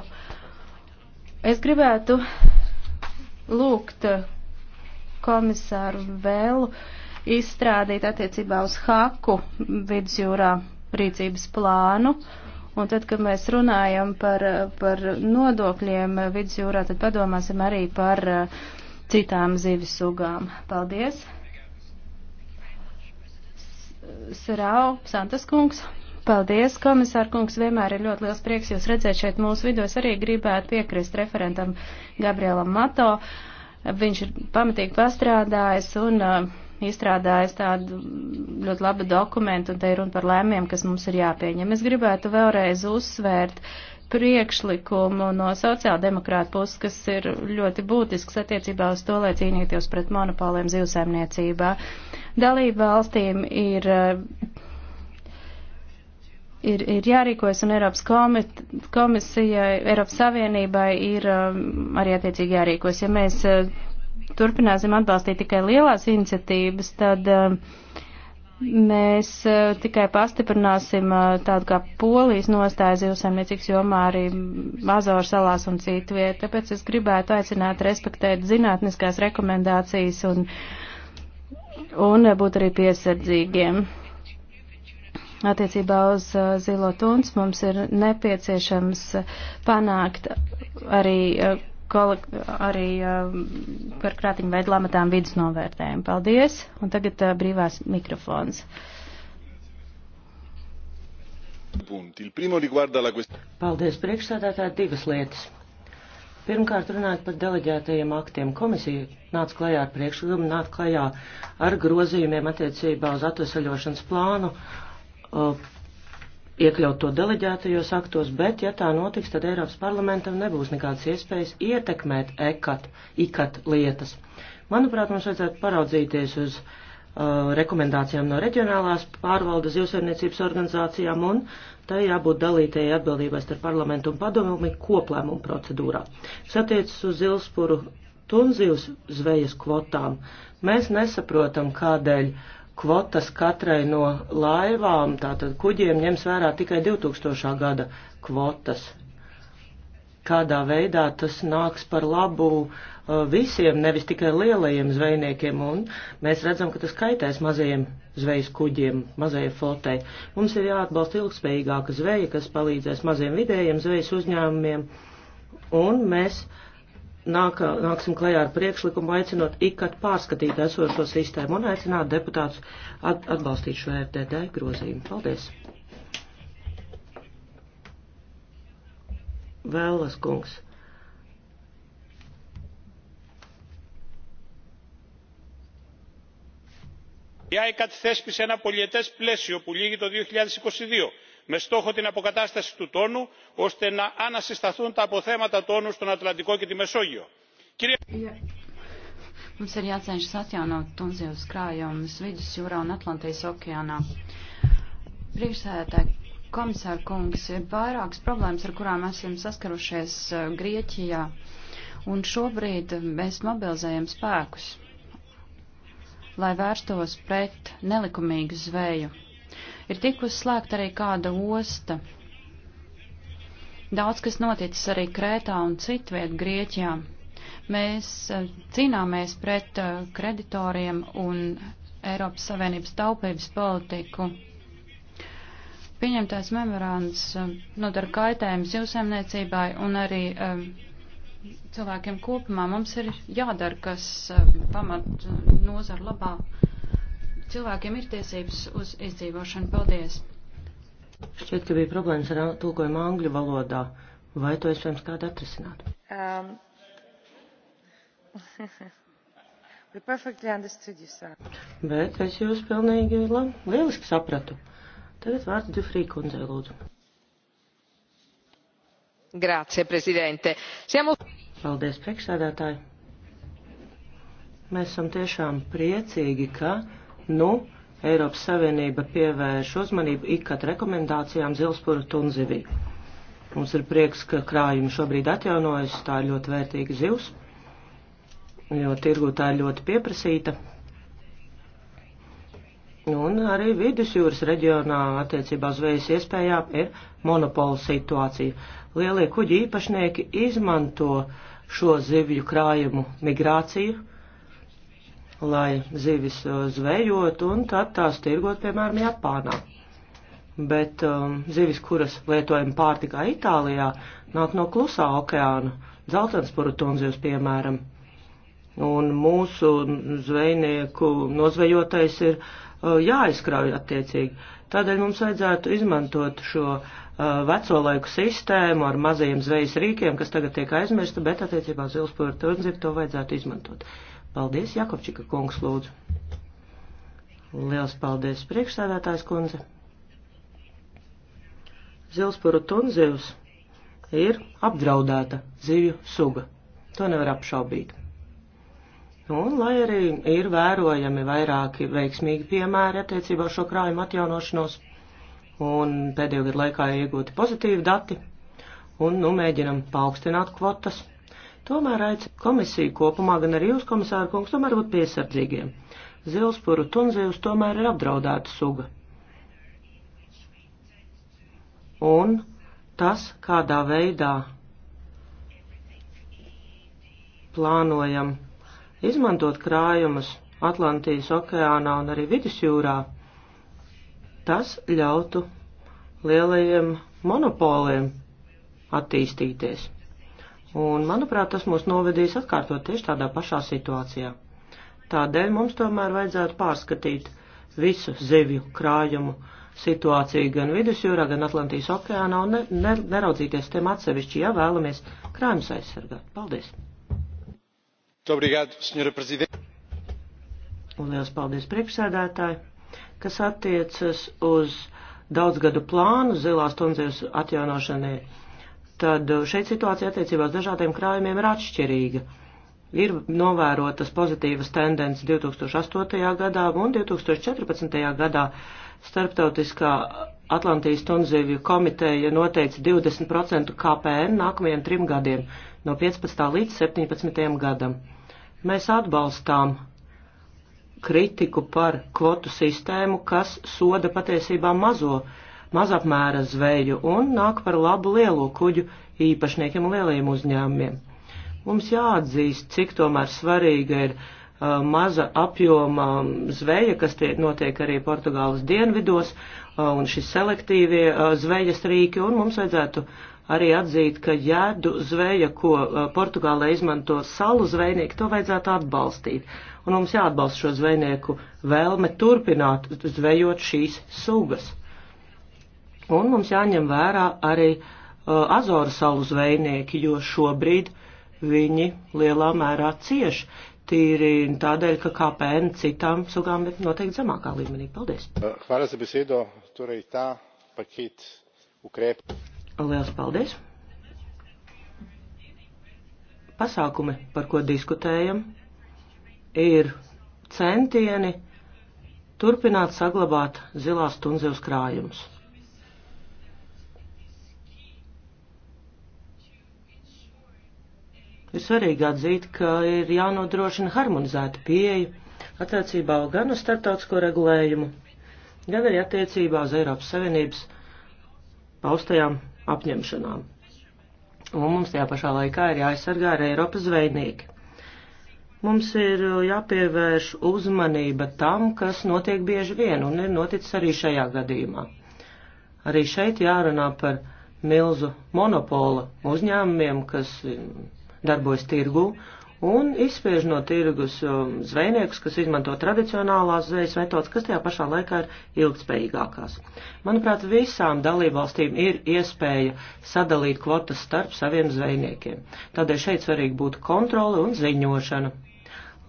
Es gribētu lūgt komisāru Vēlu izstrādīt attiecībā uz haku vidusjūrā rīcības plānu. Un tad, kad mēs runājam par, par nodokļiem vidusjūrā, tad padomāsim arī par eh, citām zivis sugām. Paldies! Sarau, Santas kungs. Paldies, komisār kungs, vienmēr ir ļoti liels prieks jūs redzēt šeit mūsu vidū. Es arī gribētu piekrist referentam Gabrielam Mato. Uh, Viņš ir pamatīgi pastrādājis un uh, izstrādājis tādu ļoti labu dokumentu, un te ir runa par lēmiem, kas mums ir jāpieņem. Es gribētu vēlreiz uzsvērt priekšlikumu no sociāldemokrāta puses, kas ir ļoti būtisks attiecībā uz to, lai cīnīties pret monopoliem zivsaimniecībā. Dalība valstīm ir uh, ir, ir jārīkojas, un Eiropas komit, komisijai, Eiropas Savienībai ir um, arī attiecīgi jārīkojas. Ja mēs uh, turpināsim atbalstīt tikai lielās iniciatīvas, tad uh, mēs uh, tikai pastiprināsim uh, tādu kā polijas nostāju zivsaimniecības jomā arī Azoru salās un citu vietu. Tāpēc es gribētu aicināt respektēt zinātniskās rekomendācijas un, un būt arī piesardzīgiem. Attiecībā uz uh, zilo tunts mums ir nepieciešams panākt arī, uh, arī uh, par krātiņu veidu lamatām vidas novērtējumu. Paldies! Un tagad brīvās mikrofons. Paldies, priekšsādātāji, divas lietas. Pirmkārt, runājot par deleģētajiem aktiem, komisija nāca klajā ar priekšlikumu, nāca klajā ar grozījumiem attiecībā uz atvesaļošanas plānu Uh, iekļaut to deleģētajos aktos, bet, ja tā notiks, tad Eiropas parlamentam nebūs nekādas iespējas ietekmēt ekat, ikat lietas. Manuprāt, mums vajadzētu paraudzīties uz uh, rekomendācijām no reģionālās pārvaldes zivsaimniecības organizācijām un tai jābūt dalītajai atbildībai starp parlamentu un padomi koplēmumu procedūrā. Kas attiecas uz zilspuru tunzivs zvejas kvotām, mēs nesaprotam, kādēļ uh, kvotas katrai no laivām, tātad kuģiem ņems vērā tikai 2000. gada kvotas. Kādā veidā tas nāks par labu uh, visiem, nevis tikai lielajiem zvejniekiem, un mēs redzam, ka tas kaitēs mazajiem zvejas kuģiem, mazajai flotei. Mums ir jāatbalsta ilgspējīgāka zveja, kas palīdzēs maziem vidējiem zvejas uzņēmumiem, un mēs uh, nāk, nāksim klajā ar priekšlikumu, aicinot ikat pārskatīt esošo sistēmu un aicināt deputātus at, atbalstīt šo FDD grozījumu. Paldies! Vēlas kungs. Η ΆΕΚΑΤ θέσπισε ένα πολιετές πλαίσιο που λύγει το 2022 με στόχο την αποκατάσταση του τόνου ώστε να ανασυσταθούν τα αποθέματα τόνου στον Ατλαντικό και τη Μεσόγειο. Κύριε... Mums ir jācenšas atjaunot tunzijos krājumus vidusjūrā un Atlantijas okeānā. Priekšsēdētāji, komisāra kungs, ir vairākas problēmas, ar kurām esam saskarušies eh, Grieķijā, un šobrīd mēs mobilizējam spēkus, lai vērstos pret nelikumīgu zveju Ir tikus slēgta arī kāda osta. Daudz kas noticis arī Krētā un citviet Grieķijā. Mēs eh, cīnāmies pret eh, kreditoriem un Eiropas Savienības taupības politiku. Pieņemtais memorands eh, nodara kaitējums jūsēmniecībai un arī um, cilvēkiem kopumā. Mums ir jādara, kas um, pamat nozara labā. Cilvēkiem ir tiesības uz izdzīvošanu. Paldies! Šķiet, ka bija problēmas ar tulkojumu angļu valodā. Vai to iespējams kādā atrisināt? Um. [LAUGHS] Bet es jūs pilnīgi labi, lieliski sapratu. Tagad vārds Dufrī kundzei lūdzu. Grācie, prezidente. Siemu... Paldies, priekšsēdētāji. Mēs esam tiešām priecīgi, ka Nu, Eiropas Savienība pievērš uzmanību ikat rekomendācijām zilspuru tunzivī. Mums ir prieks, ka krājumi šobrīd atjaunojas, tā ir ļoti vērtīga zivs, jo tirgu tā ir ļoti pieprasīta. Un arī vidusjūras reģionā attiecībā uz vējas iespējām ir monopola situācija. Lielie kuģi īpašnieki izmanto šo zivju krājumu migrāciju lai zivis uh, zvejot un tad tās tirgot, piemēram, Japānā. Bet um, zivis, kuras lietojam pārtikā Itālijā, nāk no klusā okeāna, dzeltenspuru tunzivs, piemēram. Un mūsu zvejnieku nozvejotais ir uh, jāizkrauj attiecīgi. Tādēļ mums vajadzētu izmantot šo uh, veco laiku sistēmu ar mazajiem zvejas rīkiem, kas tagad tiek aizmirsta, bet attiecībā uz zilspuru tunzivu to vajadzētu izmantot. Paldies, Jakobčika kungs, lūdzu. Liels paldies, priekšsēdētājs kundze. Zilspuru tunzivs ir apdraudēta zivju suga. To nevar apšaubīt. Un, lai arī ir vērojami vairāki veiksmīgi piemēri attiecībā ar šo krājumu atjaunošanos, un pēdējo gadu laikā iegūti pozitīvi dati, un, nu, mēģinam paaugstināt kvotas Tomēr aicinu komisiju kopumā, gan arī jūs, komisāra kungs, tomēr būt piesardzīgiem. Zilspuru tunzivs tomēr ir apdraudēta suga. Un tas, kādā veidā plānojam izmantot krājumus Atlantijas okeānā un arī vidusjūrā, tas ļautu lielajiem monopoliem attīstīties. Un, manuprāt, tas mūs novedīs atkārtot tieši tādā pašā situācijā. Tādēļ mums tomēr vajadzētu pārskatīt visu zivju krājumu situāciju gan vidusjūrā, gan Atlantijas okeānā un ne, ne, neraudzīties tiem atsevišķi, ja vēlamies krājumus aizsargāt. Paldies! Obrigado, un liels paldies priekšsēdētāji, kas attiecas uz daudzgadu plānu zilās tundzēs atjaunošanai tad uh, šeit situācija attiecībā uz dažādiem krājumiem ir atšķirīga. Ir novērotas pozitīvas tendences 2008. gadā un 2014. gadā starptautiskā Atlantijas tunzivju komiteja noteica 20% KPN nākamajiem trim gadiem, no 15. līdz 17. gadam. Mēs atbalstām kritiku par kvotu sistēmu, kas soda patiesībā mazo uh, mazapmēra zveju un nāk par labu lielo kuģu īpašniekiem un lielajiem uzņēmumiem. Mums jāatzīst, cik tomēr svarīga ir uh, maza apjoma um, zveja, kas tiek notiek arī Portugāles dienvidos, uh, un šis selektīvie uh, zvejas rīki, un mums vajadzētu arī atzīt, ka jēdu zveja, ko uh, Portugālē izmanto salu zvejnieki, to vajadzētu atbalstīt. Un mums jāatbalsta šo zvejnieku vēlme turpināt zvejot šīs sugas. Un mums jāņem vērā arī uh, Azoru salu zvejnieki, jo šobrīd viņi lielā mērā cieš. Tīri tādēļ, ka KPN citām sugām ir noteikti zemākā līmenī. Paldies! Hvala za besedo. Torej tā paket ukrep. Liels paldies! Pasākumi, par ko diskutējam, ir centieni turpināt saglabāt zilās tunzeus krājumus. Ir svarīgi atzīt, ka ir jānodrošina harmonizēta pieeja attiecībā gan uz starptautisko regulējumu, gan arī attiecībā uz Eiropas Savienības paustajām apņemšanām. Un mums tajā pašā laikā ir jāaizsargā arī Eiropas zvejnieki. Mums ir jāpievērš uzmanība tam, kas notiek bieži vien, un ir noticis arī šajā gadījumā. Arī šeit jārunā par milzu monopola uzņēmumiem, kas darbojas tirgu un izspiež no tirgus um, zvejniekus, kas izmanto tradicionālās zvejas metodas, kas tajā pašā laikā ir ilgspējīgākās. Manuprāt, visām dalībvalstīm ir iespēja sadalīt kvotas starp saviem zvejniekiem. Tādēļ šeit svarīgi būtu kontrole un ziņošana,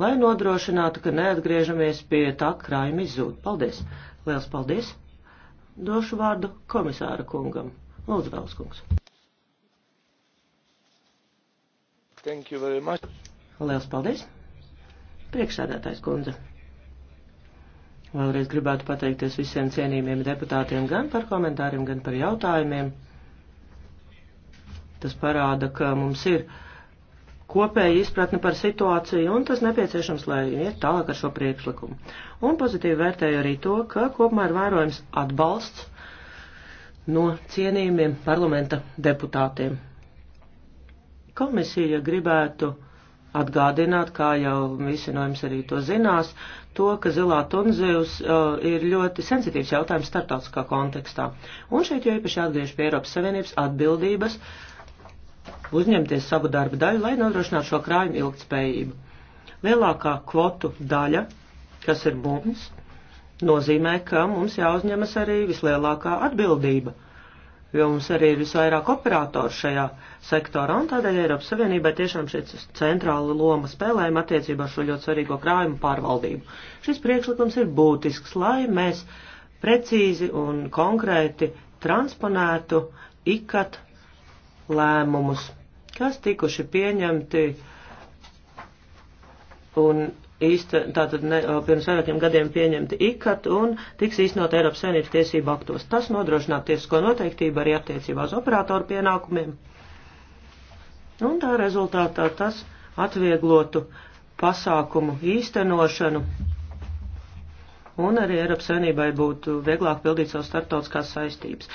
lai nodrošinātu, ka neatgriežamies pie tā krājuma izzūd. Paldies! Liels paldies! Došu vārdu komisāra kungam. Lūdzu, Gauss kungs! Thank you very much. Liels paldies. Priekšsēdētājs kundze. Vēlreiz gribētu pateikties visiem cienījumiem deputātiem gan par komentāriem, gan par jautājumiem. Tas parāda, ka mums ir kopēja izpratne par situāciju, un tas nepieciešams, lai iet tālāk ar šo priekšlikumu. Un pozitīvi vērtēju arī to, ka kopumā ir vērojams atbalsts no cienījumiem parlamenta deputātiem. Komisija gribētu atgādināt, kā jau visi no jums arī to zinās, to, ka zilā tunzivs uh, ir ļoti sensitīvs jautājums starptautiskā kontekstā. Un šeit jau īpaši atgriež pie Eiropas Savienības atbildības uzņemties savu darbu daļu, lai nodrošinātu šo krājumu ilgtspējību. Lielākā kvotu daļa, kas ir mums, nozīmē, ka mums jāuzņemas arī vislielākā atbildība – jo mums arī ir visvairāk operātoru šajā sektorā, un tādēļ Eiropas Savienībai tiešām šeit centrāla loma spēlējama attiecībā ar šo ļoti svarīgo krājumu pārvaldību. Šis priekšlikums ir būtisks, lai mēs precīzi un konkrēti transponētu ikat lēmumus, kas tikuši pieņemti un īsta, tātad ne, pirms vairākiem gadiem pieņemti ikat un tiks īstenot Eiropas Savienības tiesību aktos. Tas nodrošināt tiesisko noteiktību arī attiecībā uz operātoru pienākumiem. Un tā rezultātā tas atvieglotu pasākumu īstenošanu un arī Eiropas Savienībai būtu vieglāk pildīt savas starptautiskās saistības.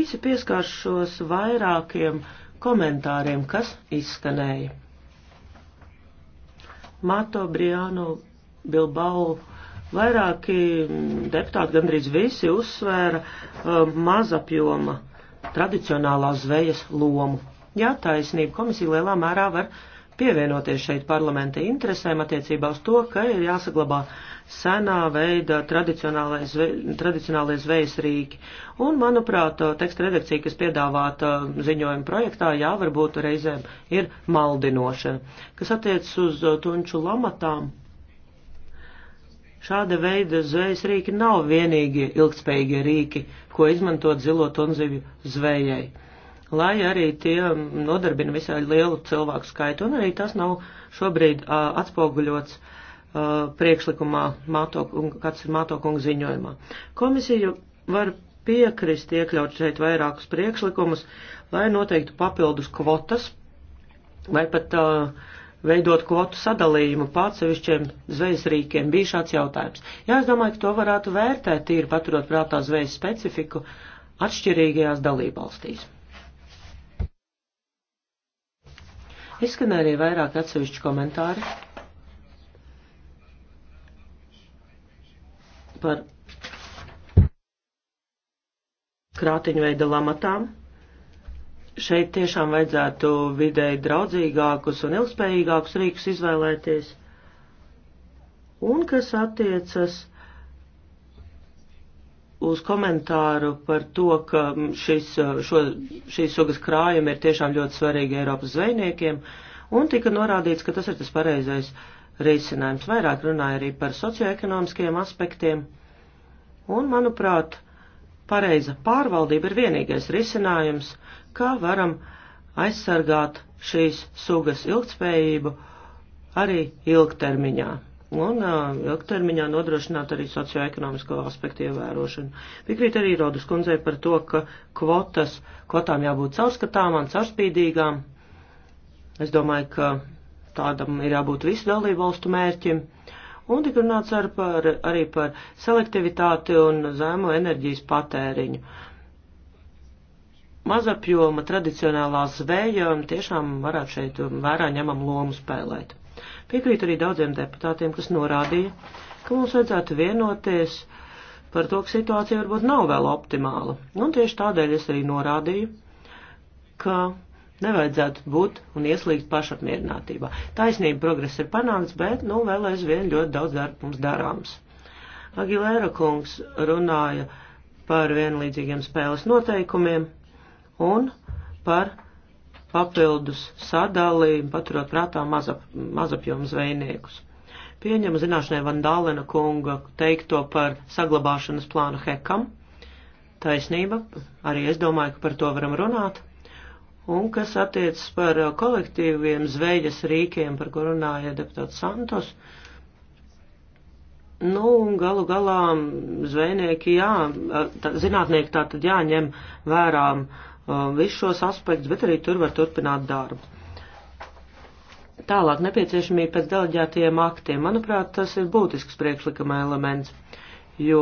Īsi pieskāršos vairākiem komentāriem, kas izskanēja. Mato, Briānu, Bilbao. Vairāki deputāti, gandrīz visi, uzsvēra uh, mazapjoma tradicionālās zvejas lomu. Jā, taisnība komisija lielā mērā var pievienoties šeit parlamenta interesēm attiecībā uz to, ka ir jāsaglabā senā veida tradicionālais, tradicionālais zvejas rīki. Un, manuprāt, teksta redakcija, kas piedāvāta ziņojuma projektā, jā, varbūt reizēm ir maldinoša. Kas attiecas uz tunču lamatām, šāda veida zvejas rīki nav vienīgi ilgspējīgie rīki, ko izmantot zilo tunzivju zvejai lai arī tie nodarbina visai lielu cilvēku skaitu, un arī tas nav šobrīd uh, atspoguļots uh, priekšlikumā, Māto, kāds ir Māto kunga ziņojumā. Komisija var piekrist iekļaut šeit vairākus priekšlikumus, lai noteiktu papildus kvotas, vai pat uh, veidot kvotu sadalījumu pārsevišķiem zvejas rīkiem. Bija šāds jautājums. Jā, es domāju, ka to varētu vērtēt, tīri paturot prātā zvejas specifiku atšķirīgajās dalībvalstīs. Izskan arī vairāk atsevišķu komentāri par krātiņu veida lamatām. Šeit tiešām vajadzētu vidēji draudzīgākus un ilgspējīgākus rīkus izvēlēties. Un kas attiecas uz komentāru par to, ka šis, šo, šīs sugas krājumi ir tiešām ļoti svarīgi Eiropas zvejniekiem, un tika norādīts, ka tas ir tas pareizais risinājums. Vairāk runāja arī par socioekonomiskiem aspektiem, un, manuprāt, pareiza pārvaldība ir vienīgais risinājums, kā varam aizsargāt šīs sugas ilgtspējību arī ilgtermiņā un ilgtermiņā nodrošināt arī socioekonomisko aspektu ievērošanu. Piekrīt arī Rodas kundzei par to, ka kvotas, kvotām jābūt caurskatāmām, caurspīdīgām. Es domāju, ka tādam ir jābūt visu dalību valstu mērķim. Un tika runāts ar par, arī par selektivitāti un zēmu enerģijas patēriņu. Mazapjoma tradicionālā zveja tiešām varētu šeit vērā ņemam lomu spēlēt. Piekrītu arī daudziem deputātiem, kas norādīja, ka mums vajadzētu vienoties par to, ka situācija varbūt nav vēl optimāla. Un tieši tādēļ es arī norādīju, ka nevajadzētu būt un ieslīgt pašapmierinātībā. Taisnība progress ir panākts, bet, nu, vēl aizvien ļoti daudz darba mums darāms. Agilēra kungs runāja par vienlīdzīgiem spēles noteikumiem un par papildus sadalī, paturot prātā mazap, mazapjomu zvejniekus. Pieņem zināšanai Vandālena kunga teikto par saglabāšanas plānu hekam. Taisnība, arī es domāju, ka par to varam runāt. Un kas attiecas par kolektīviem zvejas rīkiem, par ko runāja deputāts Santos, nu, galu galā zvejnieki, jā, tā, zinātnieki tā tad jāņem vērām uh, Um, visus šos aspektus, bet arī tur var turpināt darbu. Tālāk nepieciešamība pēc deleģētajiem aktiem. Manuprāt, tas ir būtisks priekšlikuma elements, jo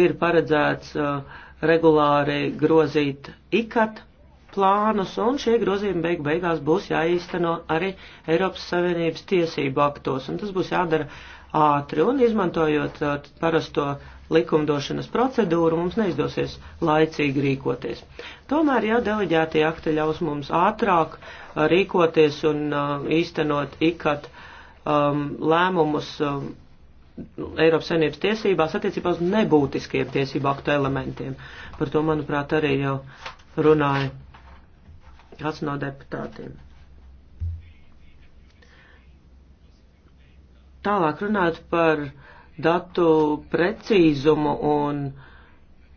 ir paredzēts uh, regulāri grozīt ikat plānus, un šie grozījumi beig beigās būs jāīsteno arī Eiropas Savienības tiesību aktos, un tas būs jādara ātri, un izmantojot uh, parasto likumdošanas procedūru, mums neizdosies laicīgi rīkoties. Tomēr, ja deleģētie akti ļaus mums ātrāk rīkoties un uh, īstenot ikat um, lēmumus um, nu, Eiropas Savienības tiesībās attiecībā uz nebūtiskiem tiesību aktu elementiem, par to, manuprāt, arī jau runāja kāds no deputātiem. Tālāk runāt par uh, datu precīzumu un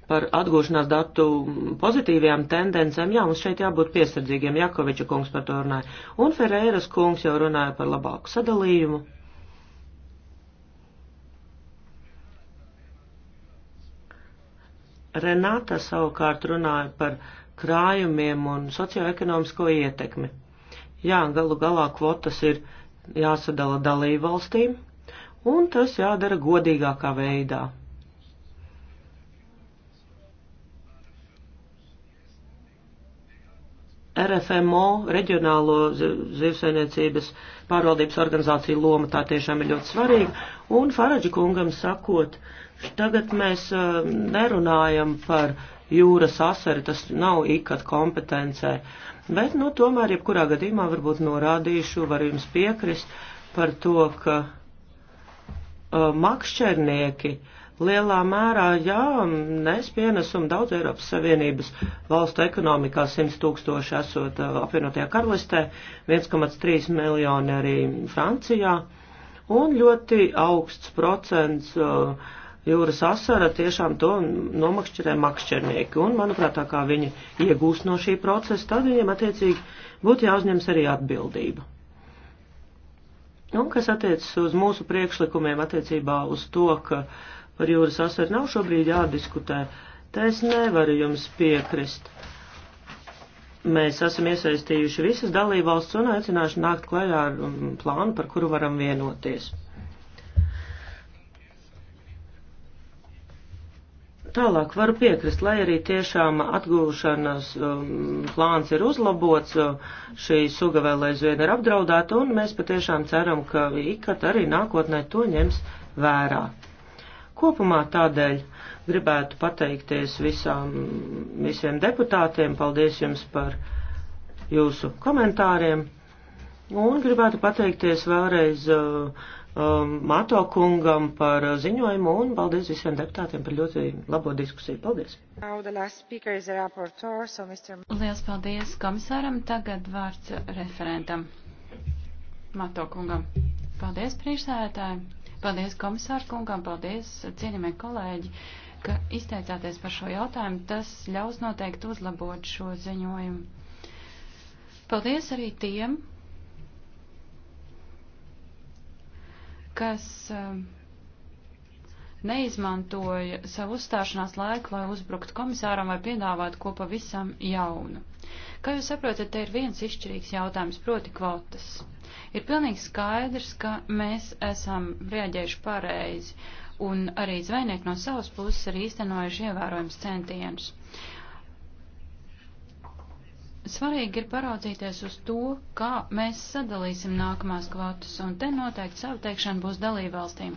par atgūšanās datu pozitīvajām tendencēm, jā, mums šeit jābūt piesardzīgiem, Jakoviča kungs par to runāja, un Ferēras kungs jau runāja par labāku sadalījumu. Renāta savukārt runāja par krājumiem un socioekonomisko ietekmi. Jā, galu galā kvotas ir jāsadala dalību valstīm, un tas jādara godīgākā veidā. RFMO, Reģionālo zivsainiecības pārvaldības organizācija loma tā tiešām ir ļoti svarīga, un Faradži kungam sakot, tagad mēs nerunājam par jūras asari, tas nav ikat kompetencē, bet, nu, tomēr, jebkurā gadījumā varbūt norādīšu, varu jums piekrist par to, ka Uh, makšķernieki lielā mērā, jā, nes pienesumu daudz Eiropas Savienības valstu ekonomikā 100 tūkstoši esot uh, apvienotajā karalistē, 1,3 miljoni arī Francijā un ļoti augsts procents uh, jūras asara tiešām to nomakšķerē makšķernieki. Un, manuprāt, tā kā viņi iegūst no šī procesa, tad viņiem attiecīgi būtu jāuzņems arī atbildība. Un kas attiecas uz mūsu priekšlikumiem attiecībā uz to, ka par jūras asaru nav šobrīd jādiskutē, tā es nevaru jums piekrist. Mēs esam iesaistījuši visas dalībvalsts un aicināšu nākt klajā ar um, plānu, par kuru varam vienoties. Tālāk varu piekrist, lai arī tiešām atgūšanas um, plāns ir uzlabots, šī suga vēl aizvien ir apdraudēta, un mēs patiešām ceram, ka ikat arī nākotnē to ņems vērā. Kopumā tādēļ gribētu pateikties visām, visiem deputātiem, paldies jums par jūsu komentāriem, un gribētu pateikties vēlreiz. Uh, um, Mato kungam par uh, ziņojumu un paldies visiem deputātiem par ļoti labo diskusiju. Paldies! Reporter, so Mr... Lielas paldies komisāram. Tagad vārds referentam. Mato kungam. Paldies priekšsēdētāji. Paldies komisāru kungam. Paldies cienījamie kolēģi, ka izteicāties par šo jautājumu. Tas ļaus noteikti uzlabot šo ziņojumu. Paldies arī tiem, kas eh, neizmantoja savu uzstāšanās laiku, lai uzbruktu komisāram vai piedāvātu ko pavisam jaunu. Kā jūs saprotat, te ir viens izšķirīgs jautājums, proti kvotas. Ir pilnīgi skaidrs, ka mēs esam rēģējuši pareizi, un arī zvejnieki no savas puses ir īstenojuši ievērojams centienus. Svarīgi ir paraudzīties uz to, kā mēs sadalīsim nākamās kvotas, un te noteikti savu teikšanu būs dalībvalstīm.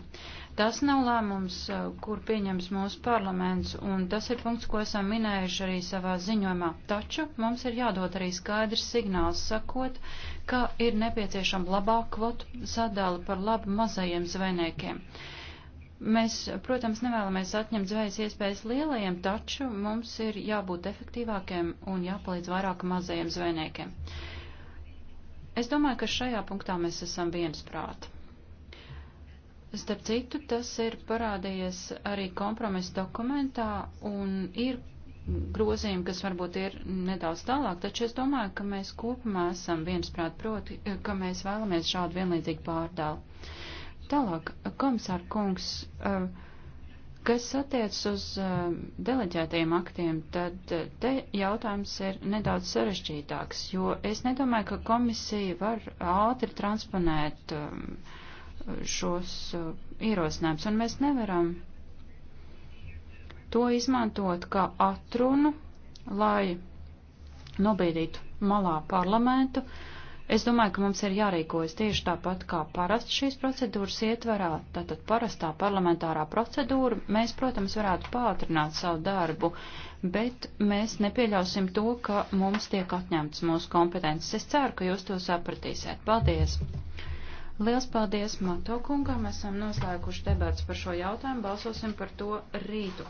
Tas nav lēmums, kur pieņems mūsu parlaments, un tas ir punkts, ko esam minējuši arī savā ziņojumā. Taču mums ir jādod arī skaidrs signāls sakot, ka ir nepieciešama labāk kvotu sadala par labu mazajiem zvejniekiem. Uh, Mēs, protams, nevēlamies atņemt zvejas iespējas lielajiem, taču mums ir jābūt efektīvākiem un jāpalīdz vairāk mazajiem zvejniekiem. Es domāju, ka šajā punktā mēs esam viensprāti. Starp citu, tas ir parādījies arī kompromisa dokumentā un ir grozījumi, kas varbūt ir nedaudz tālāk, taču es domāju, ka mēs kopumā esam viensprāti proti, ka mēs vēlamies šādu vienlīdzīgu pārdālu. Tālāk, komisāra kungs, eh, kas attiecas uz eh, deleģētajiem aktiem, tad eh, te jautājums ir nedaudz sarežģītāks, jo es nedomāju, ka komisija var ātri transponēt šos ierosinājumus, un mēs nevaram to izmantot kā atrunu, lai nobīdītu malā parlamentu, uh, Es domāju, ka mums ir jārīkojas tieši tāpat kā parasti šīs procedūras ietvarā, tātad parastā parlamentārā procedūra. Mēs, protams, varētu pātrināt savu darbu, bet mēs nepieļausim to, ka mums tiek atņemtas mūsu kompetences. Es ceru, ka jūs to sapratīsiet. Paldies! Liels paldies Mato kungam, esam noslēguši debats par šo jautājumu, balsosim par to rītu.